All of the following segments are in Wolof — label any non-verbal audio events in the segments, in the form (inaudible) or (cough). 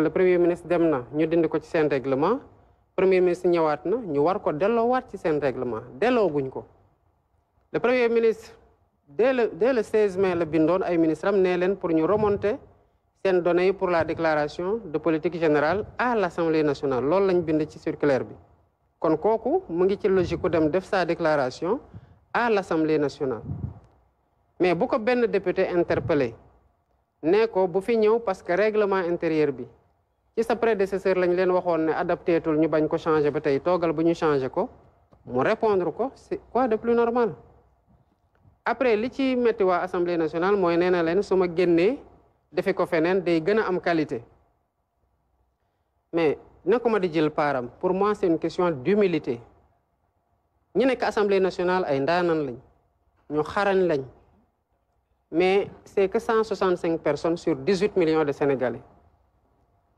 le premier ministre dem na ñu dindi ko ci seen règlement premier ministre ñëwaat na ñu war ko delloo waat ci seen règlement delloo guñ ko le premier ministre dès le dès le 16 mai la bindoon ay ministre am nee leen pour ñu remonter seen données yi pour la déclaration de politique générale à l' assemblée nationale loolu lañ bind ci circulaire bi kon kooku mu ngi ci logique ku dem def sa déclaration à l' assemblée nationale mais bu ko benn député interpellé nee ko bu fi ñëw parce que règlement intérieur bi ci sa prédécesseur lañ leen waxoon ne adapté ñu bañ ko changé ba tey toogal bu ñu changé ko mu répondre ko c'est quoi de plus normal après li ci metti waa assemblée nationale mooy nee na leen su ma génnee defi ko feneen day gën a am qualité mais naka ma di jël paaram pour moi c'est une question milité ñi nekk assemblée nationale ay ndaanan lañ ñu xarañ lañ mais c'est que cent soixante cinq personnes sur dix huit million de sénégalais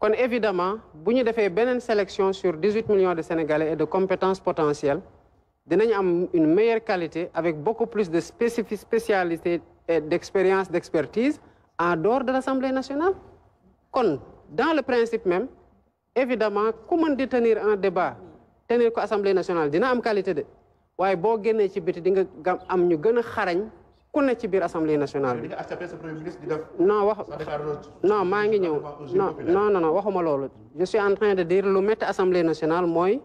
kon évidemment bu ñu defee beneen sélection sur dix huit millions de sénégalais et de compétences potentielles dinañ am une meilleure qualité avec beaucoup plus de spécifi spécialité et d' expérience d' expertise en dehors de l' assemblée nationale kon dans le principe même évidemment ku mën di tenir un débat tenir ko assemblée nationale dina am qualité de waaye boo génnee ci biti di nga am ñu gën a xarañ ku ne ci biir assemblée nationale bi. non wax non maa ngi ñëw non waxuma loolu. je suis en de dire lu métti assemblée nationale mooy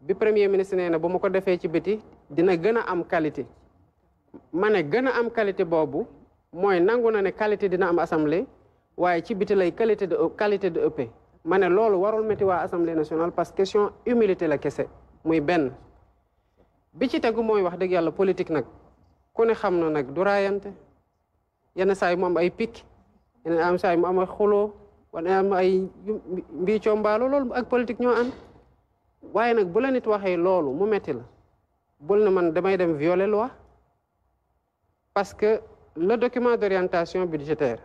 bi premier ministre nee na bu ma ko defee ci biti dina gën a am qualité. ma ne gën a am qualité boobu mooy nangu na ne qualité dina am assemblée waaye ci biti lay qualité de qualité de EP. ma ne loolu warul métti waa assemblée nationale parce que question humilité la kese muy benn bi ci tegu mooy wax dëgg yàlla politique nag. ku ne xam na nag du raayante yenn saa yi mu am ay pic yenn am saa yi mu am ay xuloo wala am ay mbiicoo mbaalo ak politique ñoo ànd waaye nag bu la nit waxee loolu mu metti la bul na man damay dem violer loi parce que le document d'orientation budgétaire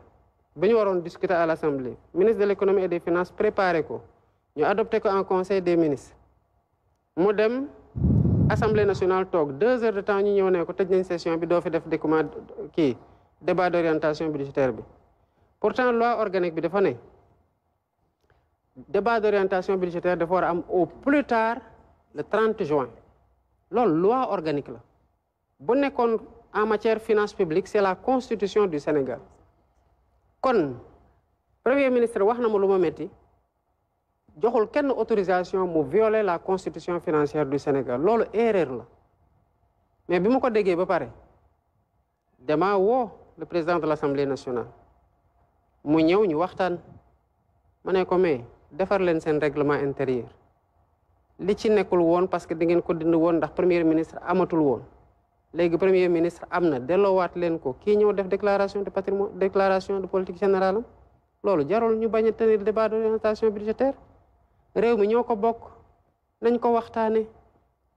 bi ñu waroon discuter à l'Assemblée ministre de l'économie et des finances préparé ko ñu adopté ko en conseil des ministres mu dem assemblée nationale toog deux heures de temps ñu ñëw ne ko tëj nañ session bi doo fi def document kii débat d' orientation budgétaire bi pourtant loi organique bi dafa ne débat d' orientation budgétaire dafa war am au plus tard le trente juin loolu loi organique la bu nekkoon en matière finance publique c' la constitution du Sénégal kon premier ministre wax na ma lu moo métti joxul kenn autorisation mu violer la constitution financière du Sénégal loolu erreur la mais bi ma ko déggee ba pare dama woo le président de l'Assemblée nationale mu ñëw ñu waxtaan ma ne ko mais defar leen seen règlement intérieur li ci nekkul woon parce que di ngeen ko dind woon ndax premier ministre amatul woon léegi premier ministre am na delloowaat leen ko kii ñëw def déclaration de patrimoine déclaration de politique générale loolu jarul ñu bañ a tenir débat d'orientation réew mi ñoo ko bokk nañ ko waxtaane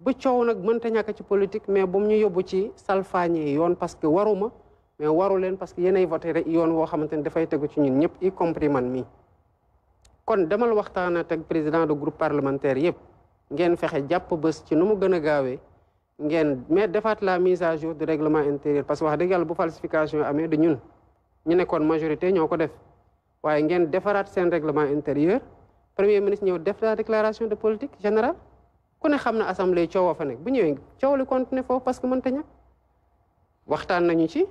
bu coow nag mën mënta ñàkk ci politique mais bu mu ñu yóbbu ci salfaañe yoon parce que waruma mais waru leen parce que yéenay voté rek yoon woo xamante ne dafay tegu ci ñun ñëpp y compris man mii kon demal waxtaan teg président de groupe parlementaire yëpp ngeen fexe jàpp bés ci nu mu gën a gaawee ngeen mais defaat la mise à jour du règlement intérieur parce que wax dëgg yàlla bu falsification amee du ñun ñu nekkoon majorité ñoo ko def waaye ngeen defaraat seen règlement intérieur premier ministre ñëw def la déclaration de politique générale ku ne xam na assemblée coowoo fa nekk bu ñëwee coow li continuer foofu parce que mënta ñàkk waxtaan nañu ci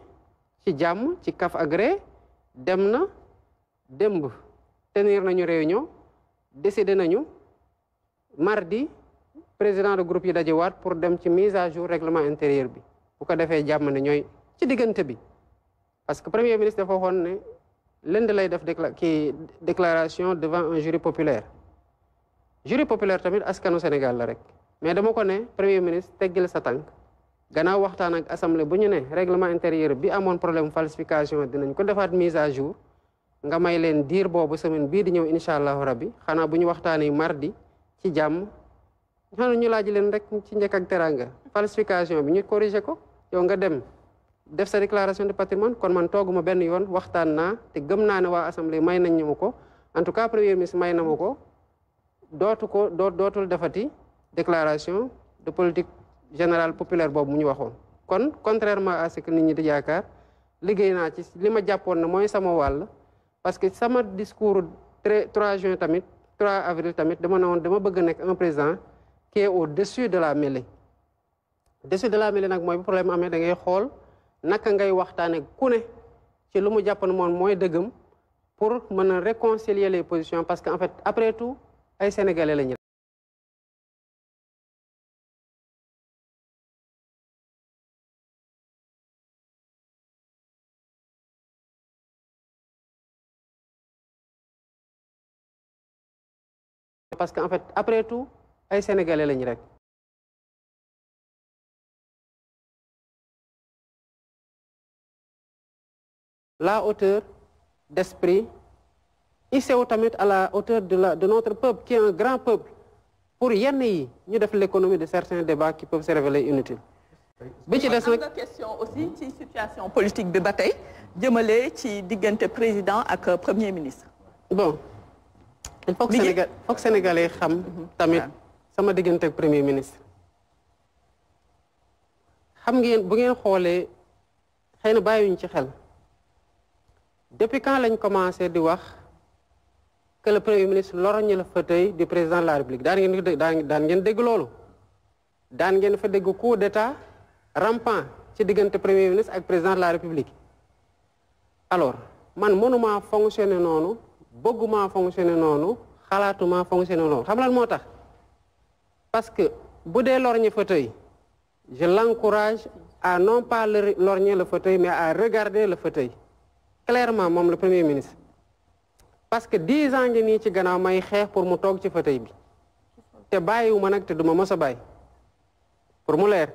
ci jàmm ci kaf agré dem na démb tenir nañu réunion décidé nañu mardi président de groupe yi dajewaat pour dem ci mise à jour règlement intérieur bi bu ko defee jàmm ne ñooy ci diggante bi parce que premier ministre dafa waxoon lundi lay def décla kii déclaration devant un jury populaire jury populaire tamit askanu Sénégal la rek mais dama ko ne premier ministre teggil sa tànk gannaaw waxtaan ak assemblée bu ñu ne règlement intérieur bi amoon problème falsification dinañ ko defaat mise à jour nga may leen diir boobu semaine bii di ñëw incha allahu rabbi xanaa bu ñu waxtaanee mardi ci jàmm xanaa ñu laaj leen rek ci njëkk ak teranga falsification bi ñu corrigé ko yow nga dem. def sa déclaration de patrimoine kon man tooguma benn yoon waxtaan naa te gëm naa ne waa assemblée may nañ ñu ma ko en tout cas premier ministre may na ma ko dootu ko doo dootul defati déclaration de politique générale populaire boobu mu ñu waxoon. kon contrairement à ce que nit ñi di yaakaar liggéey naa ci li ma jàppoon na mooy sama wàll parce que sama discours très 3 juin tamit 3 avril tamit dama ne woon dama bëgg nekk un président qui est au-dessus de la mêlée. au-dessus de la mêlée nag mooy bu problème amee da xool. naka ngay waxtaane ku ci lu mu jàppoon moom moy dëggam pour mën a réconcilier les positions parce que en fait après tout ay sénégalais la ñu rek la hauteur d'esprit ICO tamit à la hauteur de la de notre peuple qui est un grand peuple pour yenn yi ñu def l'économie de certains débats qui peuvent se révéler inutiles. bi ci des nag nga question aussi ci situation politique bi ba tey jëmale ci diggante président ak premier ministre. bon il faut que xam mhm. tamit sama diggante ak premier ministre. xam ngeen bu ngeen xoolee xëy na bàyyiwuñ ci xel. dépuis quand lañ commencé di wax que le premier ministre lorgne le fauteuil du président de la république daan ngeen daan ngeen dégg loolu daan ngeen fa dégg coup d'état rampant ci diggante premier ministre ak président de la république alors man mënuma fonctionner noonu bëgguma fonctionner noonu xalaatuma fonctionner noonu xam lan moo tax parce que bu dee lorgne fauteuil je l'encourage à non pas lorgner le fauteuil mais à regarder le fauteuil clairement moom le premier ministre parce que dix ans ngi nii ci gannaaw may xeex pour mu toog ci fauteuil bi te bàyyiwu ma nag te duma mos a bàyyi pour mu leer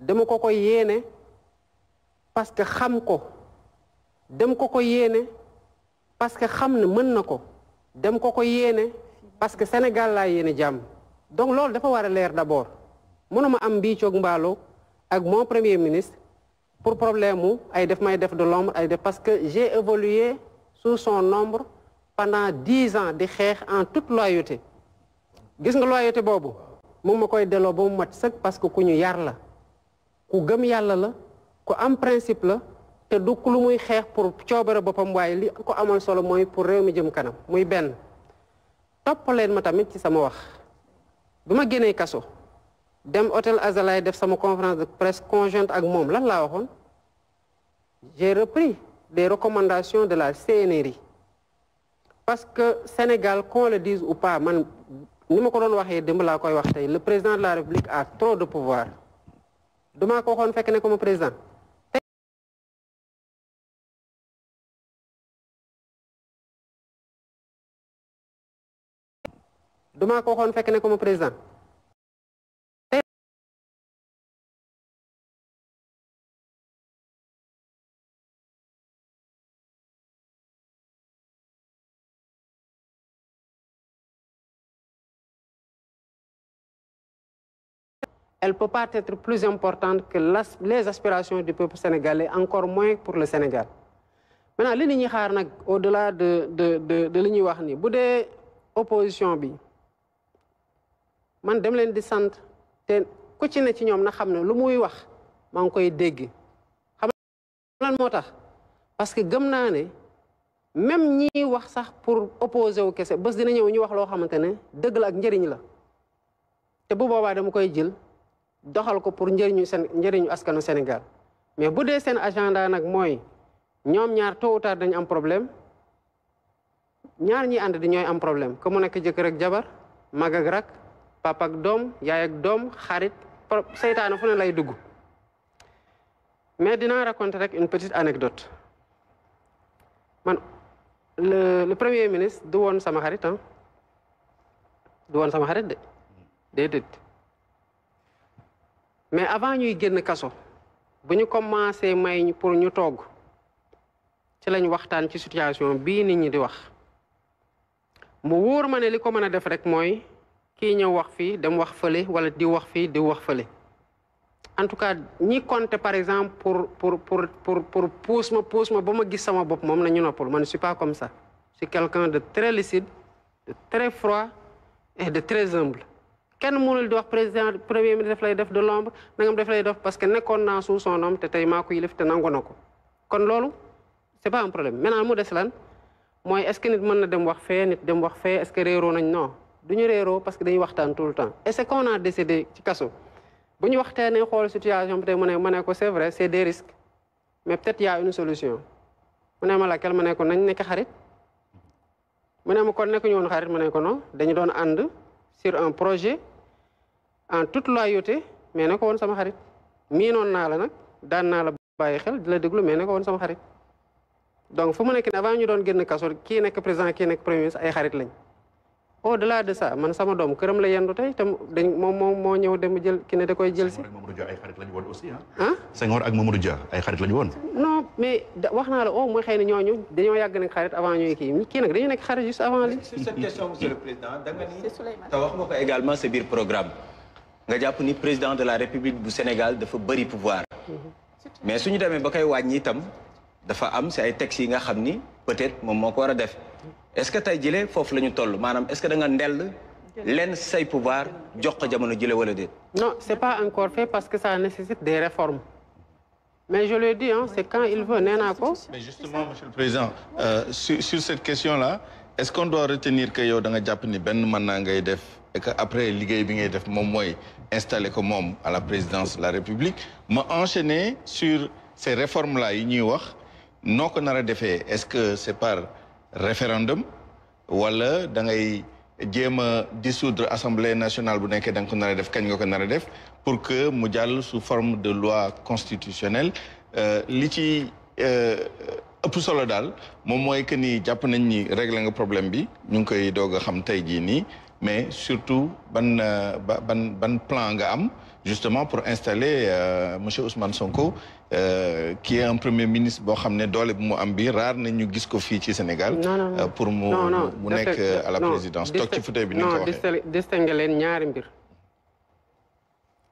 dama ko koy yéene parce que xam ko dem ko ko yéene parce que xam ne mën na ko dem ko ko yéene parce que Sénégal laa yéene jàmm donc loolu dafa war a leer d'abord ma am mbii coog mbaalo ak moo premier ministre pour problème mu ay def may def de l'ombre ay def parce que j'ai évolué sous son ombre pendant dix ans di xeex en toute loyauté gis nga loyauté boobu mu ma koy delloo ba mu mat sëkk parce que ku ñu yar la ku gëm yàlla la ku am principe la te du lu muy xeex pour coobare boppam waaye li ko amoon solo mooy pour réew mi jëm kanam muy benn topp leen ma tamit ci sama wax bi ma génnee kaso dem hôtel Azalay def sama conférence de presse conjointe ak moom lan laa waxoon j'ai repris des recommandations de la CNRI parce que Sénégal qu'on le dise ou pas man ni ma ko doon waxee démb laa koy wax tey le président de la République a trop de pouvoir damaa ko waxoon fekk ne comme président damaa ko waxoon fekk ne comme président elle ne peut pas être plus importante que les aspirations du peuple sénégalais, encore moins pour le li Maintenant, ce xaar nag au-delà de, de, de, li wax nii bu dee bi de ce que nous avons dit, si ci ñoom na xam ne lu muy wax eux sait ce qu'il dit, moo tax Parce que naa ne même ñi wax sax pour opposer wu kese bés dina ñëw ñu wax loo xamante ne dëgg la ak njëriñ la te bu boobaa dama koy jël doxal ko pour njëriñu seen njëriñu askanu Sénégal mais bu dee seen agenda nag mooy ñoom ñaar tôt ou tard dañu am problème ñaar ñi ànd di ñooy am problème que mu nekk jëkk rek jabar mag ak rak papa ak doom yaay ak doom xarit seytaane fu ne lay dugg mais dinaa raconter rek une petite anecdote man le le premier ministre du woon sama xarit ah du woon sama xarit de mais avant ñuy génn kaso bu ñu commencé may pour ñu togg ci lañ waxtaan ci situation bii nit ñi di wax mu wóor ma ne li ko mën a def rek mooy kii ñëw wax fii dem wax fële wala di wax fii di wax fële en tout cas ñi compter par exemple pour pour pour pour pour puus ma puus ma ba ma gis sama bopp moom nañu noppal man je suis pas comme ça je suis quelqu'un de très lucide de très froid et de très humble kenn mënul di wax président premier ministre daf lay def de l'ombre nangam daf que nekkoon naa sous son kon loolu c'est pas un problème maintenant lan mooy est mën na dem wax fee nit dem wax fee est-ce que nañ non du ñu réeroo parce que dañuy waxtaan tout le temps et c'est qu'on a décidé ci kaso xool situation bi tey mu ne ma ne ko c'est vrai c'est des risques mais peut-être y a une solution ma laquelle nañ nekk xarit mu ne ma kon nekk ñu woon xarit ma ne ko non dañu doon ànd sur un projet en toute loyauté mais ne ko woon sama xarit miinoon naa la nag daan naa la bàyyi xel di la déglu mais ko woon sama xarit donc fu mu nekk nii avant ñu doon génn kaso kii nekk kii nekk premier ministre ay xarit lañ au delà de sama doom këram la yendu tey moom moom moo ñëw dem jël ki da koy jël si. Senghor ak Mamadou Dia ah. Ah? wax naa la oh mooy xëy na ñooñu dañoo yàgg nag avant ñooy kii kii nag dañu nekk xarit juste avant li. sur wax nga ko également sa programme. nga jàpp ni président de la république bu Sénégal dafa bëri pouvoir mais suñu demee ba koy wàññi itam dafa am si ay textes yi nga xam ni peut-être moom moo ko war a def est-ce que tey jile foofu la ñu toll maanaam est-ce que da nga ndell lenn say pouvoir jox ko jamono jile wala déet non c'est pas encore fait parce que ça nécessite des réformes mais je le dis hein c'est quand il veut nee naa ko mais justement monsieur le président euh, sur, cette question la est-ce qu'on doit que yow da nga jàpp ni benn mën naa ngay def et que liggéey bi ngay def moom mooy installé ko moom à la présidence de la République ma enchaîner sur ces réforme la yi ñuy wax noo ko nar a defee est-ce que c'est par référendum wala dangay ngay jéem a dissoudre assemblée nationale bu nekkee da nga ko nar a def kañ nga ko nar a def pour que mu jàll sous forme de loi constitutionnelle euh, li ci euh, ëpp solo daal moom mooy que ni jàpp nañ ni réglé nga problème bi ñu ngi koy doog a xam tey jii nii mais surtout ban euh, ban ban plan nga am justement pour installer euh, monsieur Ousmane Sonko euh, qui est un premier ministre boo xam ne doole bi mu am bi raar na ñu gis ko fii ci Sénégal. pour mu mu nekk à la présidence. toog ci fauteuil bi ni ko waxee non distingue leen ñaari mbir.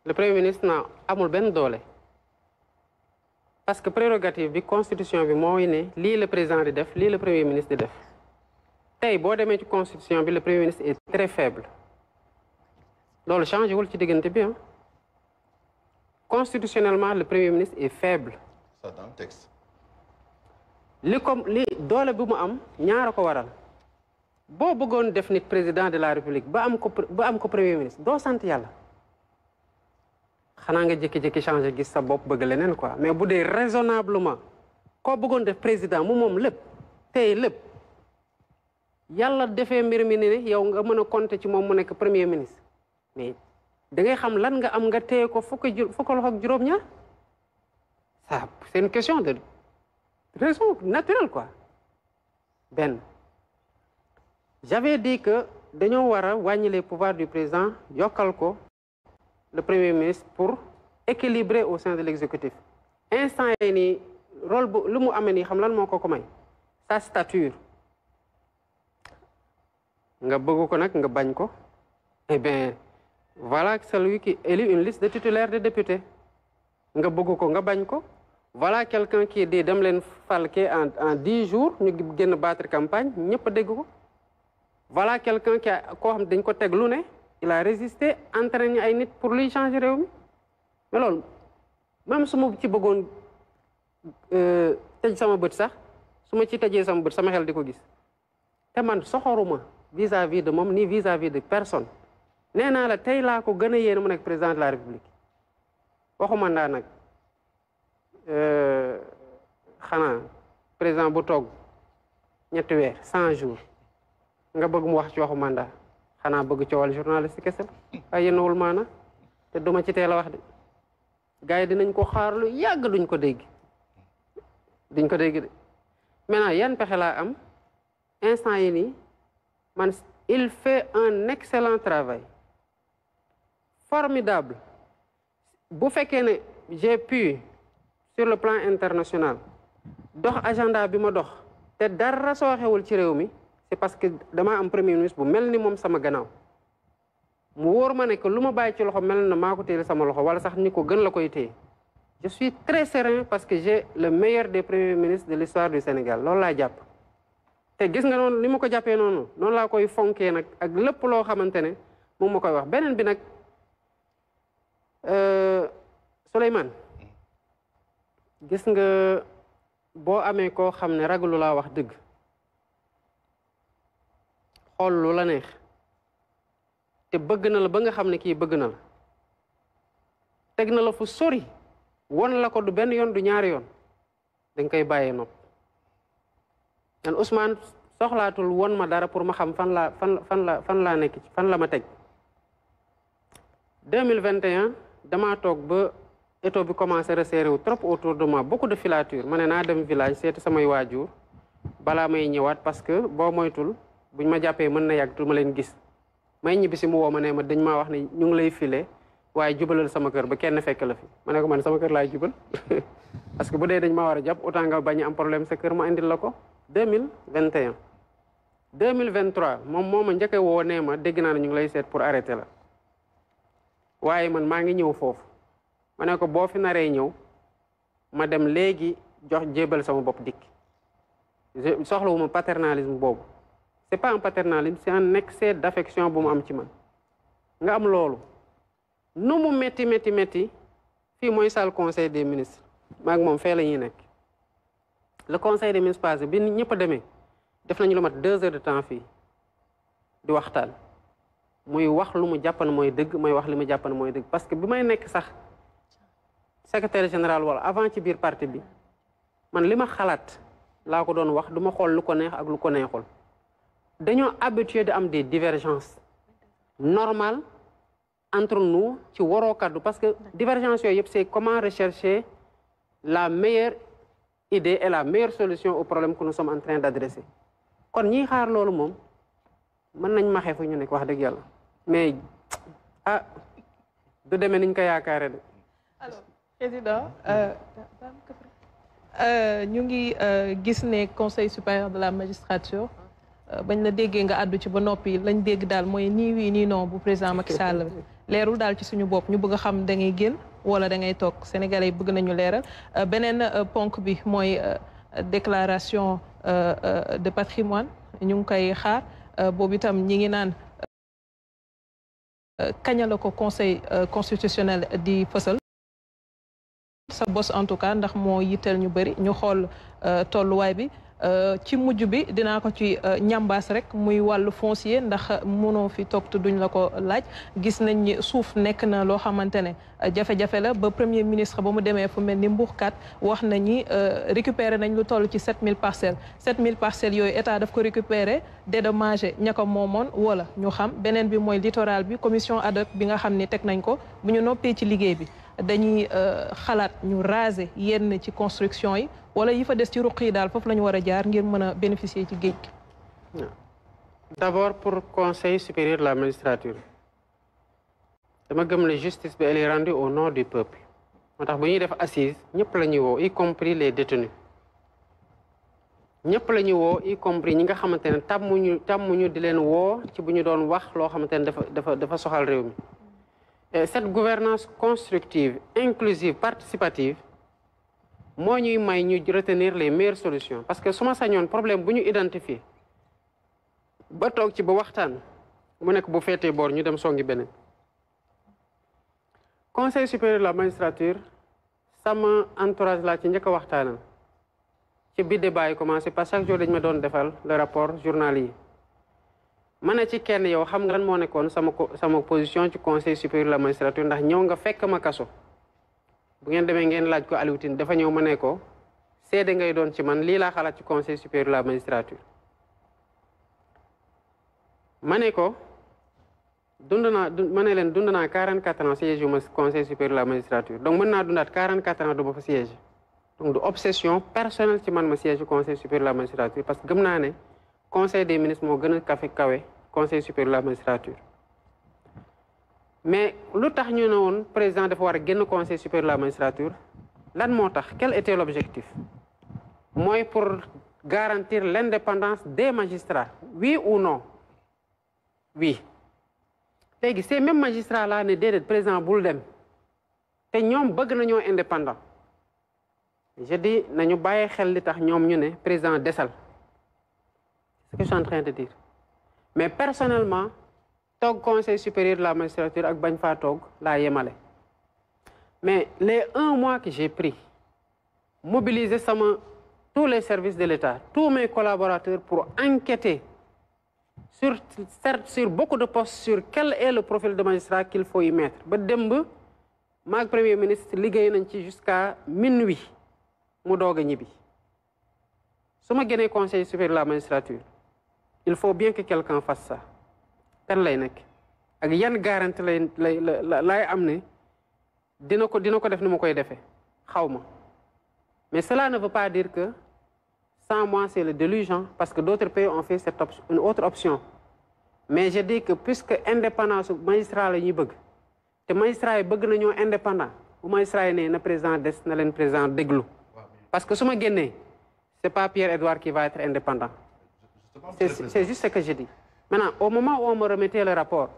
le premier ministre na amul benn doole. parce que prérogative bi constitution bi mooy ne lii le président di def lii le premier ministre di def. tey boo demee ci constitution bi le premier ministre est très faible loolu changé wul ci diggante bi ah constitutionnellement le premier ministre est faible. ça dans li comme li doole bi mu am ñaara ko waral boo bëggoon def nit président de la république ba am ko am ko premier ministre doo sant yàlla xanaa nga jékki-jékki changé gis sa bopp bëgg leneen quoi mais bu dee raisonnablement koo bëggoon def président mu moom lépp tey lépp. yàlla defee mbir mi ne yow nga mën a compter ci moom mu nekk premier ministre mais da ngay xam lan nga am nga téye ko fukki ju loxo ak juróom-ñaar ça c'est une question de raison naturelle quoi benn j'avais di que dañoo war a wàññi les pouvoirs du président yokkal ko le premier ministre pour équilibrer au sein de l'exécutif instant yi nii rôle bu lu mu amee nii xam lan moo ko ko may sa stature nga bëgg ko nag nga bañ ko eh bien voilà celui qui élit une liste de titulaires de députés nga bëgg ko nga bañ ko voilà quelqu'un ki dit dem leen falke en en dix jours ñu génn battre campagne ñëpp a dégg ko voilà quelqu'un qui koo xam dañ ko teglu ne il a résisté ni ay nit pour luy changer réew mi mais même su ma ci bëggoon euh, tëj sama bët sax su ma ci tëjee sama bët sama xel di ko gis te man soxoruma vis-à-vis de moom ni vis-à-vis de personne nee naa la tey laa ko gën a yéene mu nekk président de la république waxuma naa nag euh, xanaa président bu toog ñetti weer cent jours nga bëgg wax ci waxu mandat xanaa bëgg coowal journaliste kese la ay yéenawul maana te duma ci teel a wax de gars yi dinañ ko xaar lu yàgg duñ ko dégg duñ ko dégg de maintenant yan pexe laa am instant yi nii man il fait un excellent travail formidable bu fekkee ne j'ai pu sur le plan international dox agenda bi ma dox te dara soo ci réew mi c'est parce que dama am premier ministre bu mel ni moom sama gannaaw mu wóor ma ne que lu ma bàyyi ci loxo mel na maa ko téye sama loxo wala sax ni ko gën la koy téye je suis très serein parce que j'ai le meilleur des premiers ministres de l'histoire du Sénégal loolu laa jàpp te gis nga noonu ni ma ko jàppee noonu noonu laa koy fonkee nag ak lépp loo xamante ne mu ma koy wax beneen bi nag euh, Souleymane gis nga boo amee koo xam ne ragalu laa wax dëgg xool lu la neex te bëgg na la ba nga xam ne kii bëgg na la teg na la fu sori won la ko du benn yoon du ñaari yoon danga koy bàyyee nopp man Ousmane soxlaatul woon ma dara pour ma xam fan laa fan fan la fan laa nekk fan la ma teg 2021 damaa toog ba étau bi commencé resserré wu trop autour de moi beaucoup de filature ma ne naa dem village seeti samay waajur balaa may ñëwaat parce que boo moytul buñ ma jàppee mën na yàgg ma leen gis may ñibbi si mu woo ma ne ma dañ maa wax ne ñu ngi lay file waaye jubalal sama kër ba kenn fekk la fi ma ne ko man sama kër laay jubal (laughs) parce que bu dee dañ ma war a jàpp autant nga bañ am problème sa kër ma indil la ko deux mille vingt et mille vingt trois moom ma njëkk a woo nee ma dégg naa ne ñu ngi lay seet pour arrêter la waaye man maa ngi ñëw foofu ma ne ko boo fi naree ñëw ma dem léegi jox jébal sama bopp dikk soxlawuma paternalisme boobu c'est pas un paternalisme c'est un excès d'affection bu mu am ci man nga am loolu nu mu métti métti métti fii mooy sal conseil des ministre maag moom fee la ñuy nekk le conseil des ministres passé bi ñëpp a demee def nañu lu mat deux heures de temps fii di waxtaan muy wax lu mu jàppan mooy dëgg mooy wax li mu jàppan mooy dëgg parce que bi may nekk sax secretaire général wala avant ci biir parti bi man li ma xalaat laa ko doon wax du ma xool lu ko neex ak lu ko neexul dañoo habitué de am des divergences normal entre nous ci waroo kaddu parce que divergence yooyu yëpp c'est comment rechercher la meilleure idée est la meilleure solution au problème que nous sommes en train d'adresser kon ñiy xaar loolu moom mën nañ maxee fu ñu nekk wax dëgg yàlla mais ah du demee niñ ko yaakaare de alors président euh, euh, ñu ngi euh, gis ne conseil supérieur de la magistrature bañ la déggee nga àddu ci ba noppi lañ dégg daal mooy nii wii nii non bu président Macky Sall (laughs) leerul daal ci suñu bopp ñu bëgg a xam da ngay génn wala da ngay toog sénégalais yi bëgg nañu leeral euh, beneen euh, ponk bi mooy euh, déclaration de patrimoine ñu ngi koy xaar boobu itam ñi ngi naan kañale ko conseil constitutionnel di fësal sa bos en tout cas ndax moo yitteel ñu bëri ñu xool tolluwaay bi Euh, ci mujj bi dinaa ko ci euh, ñambaas rek muy wàllu foncier ndax mënoo fi toog te duñ la ko laaj gis nañ ni suuf nekk na loo xamante ne euh, jafe-jafe la ba premier ministre ba mu demee fu mel ni kaat wax na ñi récupérer nañ lu toll ci parcelle parcelles mille parcelle yooyu état daf ko récupérer dédommagé ña ko moomoon wala ñu xam beneen bi mooy littoral bi commission ad bi nga xam ni teg nañ ko bu ñu noppee ci liggéey bi dañuy euh, xalaat ñu raser yenn ci construction yi wala yi fa des ci ruq yi daal foofu la ñu war a jaar ngir mën a bénéficier ci géej gi d'abord pour conseil supérieur la magistrature dama gëm ne justice bi elle est rendue au nom du peuple moo tax bu ñuy def assise ñëpp la ñuy woo y compris les détenus ñëpp la ñuy woo y compris ñi nga xamante ne tàmmuñu tàmmuñu di leen woo ci bu ñu doon wax loo xamante ne dafa dafa dafa soxal réew mi cette gouvernance constructive inclusive participative moo ñuy may ñu retenir les meilleures solution parce que su ma sañoon problème bu ñu identifier ba toog ci ba waxtaan mu nekk bu feetee boor ñu dem songi beneen conseil supérieur la magistrature sama entourage laa ci njëkk a waxtaanal ci bi débat yi commencé par chaque jour dañu ma doon defal le rapport journal yi ma ne ci kenn yow xam nga lan moo nekkoon sama sama position ci conseil supérieur de la magistrature ndax ñëw nga fekk ma kaso bu ngeen demee ngeen laaj ko Aliou dafa ñëw ma ne ko seede ngay doon ci man lii laa xalaat ci conseil supérieur la magistrature ma ne ko dund naa ma ne mën naa dundaat quarante quatre ans du ma fa siège donc du obsession personnelle ci man ma siège conseil supérieur la magistrature parce que gëm naa ne conseil des ministres moo gën a kafe kawe conseil supérieur de la mais lu tax ñu ne woon président dafa war a génn conseil supérieur de la lan moo tax quel était l'objectif mooy pour garantir l'indépendance des magistrats oui ou no wii léegi ces mêmes magistrats là ne déedéet président bul dem te ñoom bëgg nañoo indépendant je dis nañu bàyyi xel li tax ñoom ñu ne président desal ce que de dire mais personnellement toog conseil supérieur de la magistrature ak bañ faa toog la yemale mais les un mois que j'ai pris mobiliser sama tous les services de l'État tous mais collaborateurs pour enquêter sur certes sur beaucoup de postes sur quel est le profil de magistrat qu'il faut y mettre ba démb maag premier ministre liggéey nañ ci jusqu'à minuit mu doog a ñibbi su ma génnee conseil supérieur de la magistrature il faut bien que quelqu'un fasse ça kan lay nekk ak yan garantie lay lay lay am ne dina ko dina ko def ni ma koy defee xawma ma mais cela ne veut pas dire que sans moi c'est le déluge parce que d'autres pays ont fait cette option une autre option mais je dis que puisque indépendance magistrat la ñuy bëgg te magistrat bëgg nañoo indépendant bu magistrat yi ne na président des na leen président déglu parce que su ma génnee c'est pas Pierre Edouard qui va être indépendant C'est juste ce que je dis. Maintenant, au moment où on me le rapport,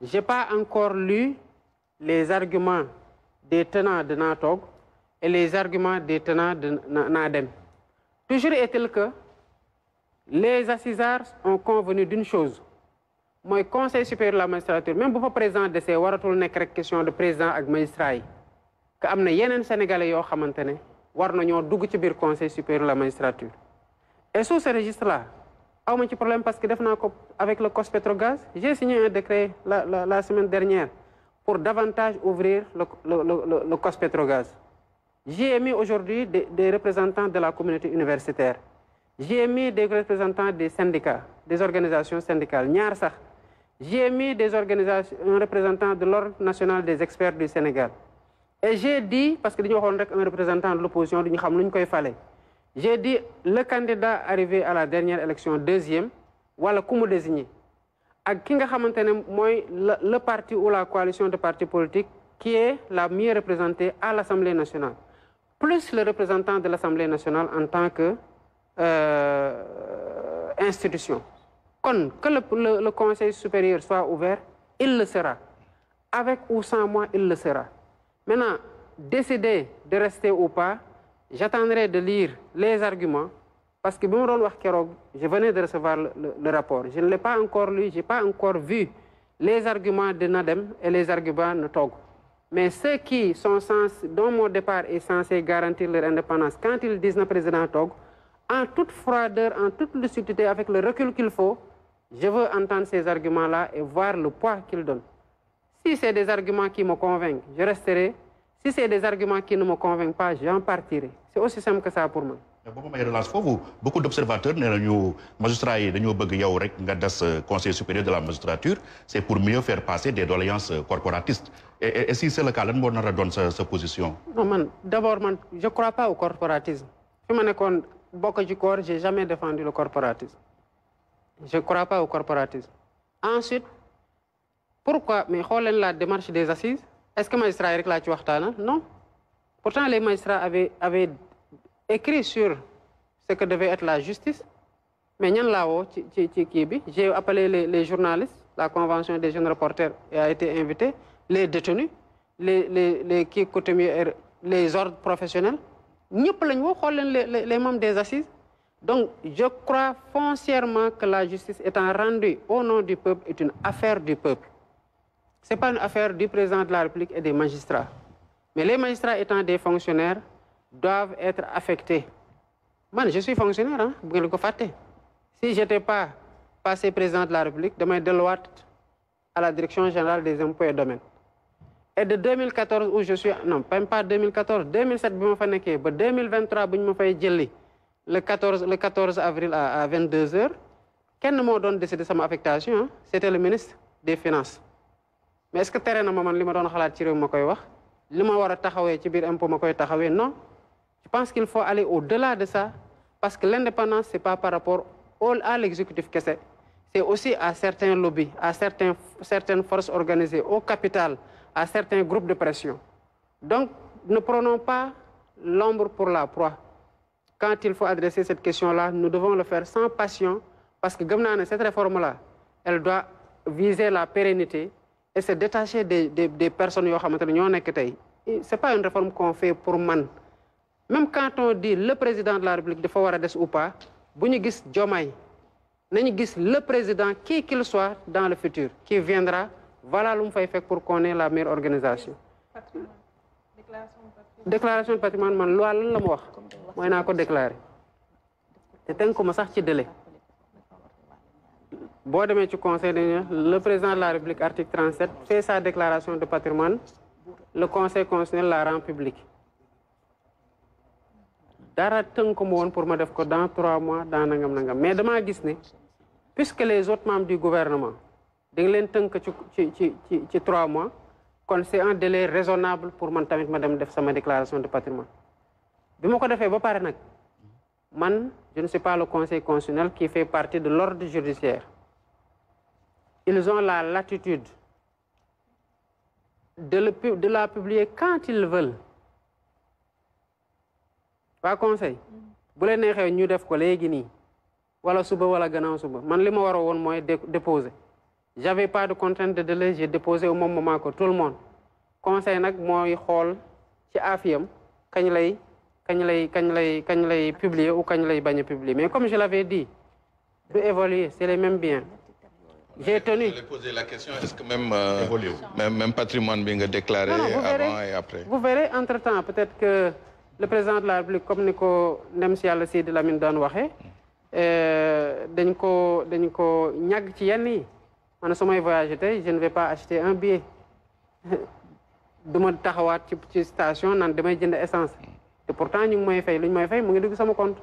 je pas encore lu les arguments des tenants de toog et les arguments des tenants de dem Toujours est-il que les assisards ont convenu d'une chose. mooy conseil supérieur de la magistrature même bu fa président waratul nekk rek question de président ak magistrat yi que am na yeneen sénégalais yoo xamante ne war nañoo dugg ci biir conseil supérieur de la magistrature et sous ce registre aw ma ci problème parce que def naa ko avec le COS-Petrogaz j'ai signé un décret la la la semaine dernière pour davantage ouvrir le le le le COS-Petrogaz j'ai mis aujourd'hui des des représentants de la communauté universitaire j'ai mis des représentants des syndicats des organisations syndicales ñaar sax j'ai mis des organisations un représentant de l'ordre national des experts du Sénégal et j'ai dit parce que dañu waxoon rek un représentant de l'opposition duñu xam lu ñu koy fale j'ai dit le candidat arrivé à la dernière élection deuxième wala comme mu désigné ak ki nga xamante ne mooy le parti ou la coalition des partis politiques qui est la mieux représentée à l'Assemblée nationale plus le représentant de l'Assemblée nationale en tant que euh, institution kon que le, le, le conseil supérieur soit ouvert il le sera avec ou sans moi il le sera maintenant décider de rester ou pas j'attendrai de lire les arguments parce que bi ma doon wax keroog je venais de recevoir le, le, le rapport je ne l'ai pas encore lu j'ai pas encore vu les arguments de Nadem et les arguments de Togo mais ceux qui sont censés dont mon départ est censé garantir leur indépendance quand ils disent na président Togo en toute froideur en toute lucidité avec le recul qu'il faut je veux entendre ces arguments là et voir le poids qu'ils donnent si c'est des arguments qui me convainquent je Si c'est des arguments qui ne me convainquent pas, j'en partirai. C'est aussi simple que ça pour moi. boobu may relance foofu beaucoup d' observateurs nee nañu magistrats yi dañoo bëgg yow rek nga das euh, conseil supérieur de la magistrature c' est pour mieux faire passer des doléances euh, corporatistes et, si c' est le cas lan moo nar a doon sa sa position. non man d' man je crois pas au corporatisme fi ma nekkoon bokk ci corps corporatisme ensuite pourquoi mais xool la démarche des assises. est-ce que magistrat yi rek laa ci waxtaana non pourtant les magistrats avaient avaient écrit sur ce que devait être la justice mais ñan laa woo ci ci ci kii bi j'ai appelé les les journalistes la convention des jeunes reporters a été invitée les détenus les les les kii coutumiers les ordres professionnels ñëpp lañ woo xool leen les les des assises donc je crois foncièrement que la justice étant rendue au nom du peuple est une affaire du peuple Ce n'est pas une affaire du président de la République et des magistrats. Mais les magistrats étant des fonctionnaires doivent être affectés. Moi, je suis fonctionnaire, hein, vous le Si je n'étais pas passé président de la République, demain de à la direction générale des impôts et domaines. Et de 2014 où je suis, non, même pas 2014, 2007, je 2023, le 14, le 14 avril à, à 22h, quel m'a donné décider de ma affectation C'était le ministre des Finances. mais est-ce que tere na ma lima li ma doon xalaat ci réew ma koy wax li ma war a taxawee ci biir impôt ma koy taxawee non je pense qu'il faut aller au-delà de ça parce que l'indépendance c'est pas par rapport au à l'exécutif kese c'est aussi à certains lobbies à certains certaines forces organisées au capital à certains groupes de pression donc ne prenons pas l'ombre pour la proie quand il faut adresser cette question-là nous devons le faire sans passion parce que gëm naa ne cette réforme-là elle doit et se détacher des des des personnes yoo xamante ne ñoo nekk tey c' est pas une réforme qu'on fait pour man même quand on dit le président de la république dafa war a des ou pas bu ñu gis Diomaye nañu gis le président qui qu'il soit dans le futur qui viendra voilà lu fay fekk pour qu'on la meilleure organisation déclaration de patrimoine man loi lan la mu wax mooy naa ko déclarer te tënk ko ma sax ci délai boo demee ci conseil le président de la république article 37 fait sa déclaration de patrimoine le conseil constitutionnel la rend publique dara tënk ma woon pour ma def ko dans trois mois dans nangam nangam mais damaa gis ne puisque les autres membres du gouvernement da leen tënk ci ci ci ci ci trois mois kon c'est un délai raisonnable pour man tamit ma dem def sama déclaration de patrimoine bi ma ko defee ba pare nag man je ne suis pas le conseil constitutionnel qui fait de l'ordre ils ont la latitude de, le, de la publier quand ils veulent waa conseil bu leen neexee ñu def ko léegi nii wala suba wala gannaaw suba man li ma war woon mooy déposer j'avais pas de contrainte de délai j'ai déposé au même moment que tout le monde conseil nag mooy xool ci afiyam kañ lay kañ lay kañ lay kañ lay publier ou kañ lay bañ a publier mais comme je l'avais dit du évaluer c'est les même bien j'ai tenu. Je poser la question, est même, euh, même, même, patrimoine bien déclaré non, non, verrez, avant et après Vous verrez entre-temps, peut-être que le président de la République, comme nous avons dit, nous avons Lamine Don Wahé, euh, dañ ko dañ ko ñàgg ci yenn yi man su may voyagé tey je ne vais pas acheter un billet (laughs) du taxawaat ci ci nan naan damay jënd essence te pourtant ñu ngi may fay lu ñu may fay mu ngi dugg sama compte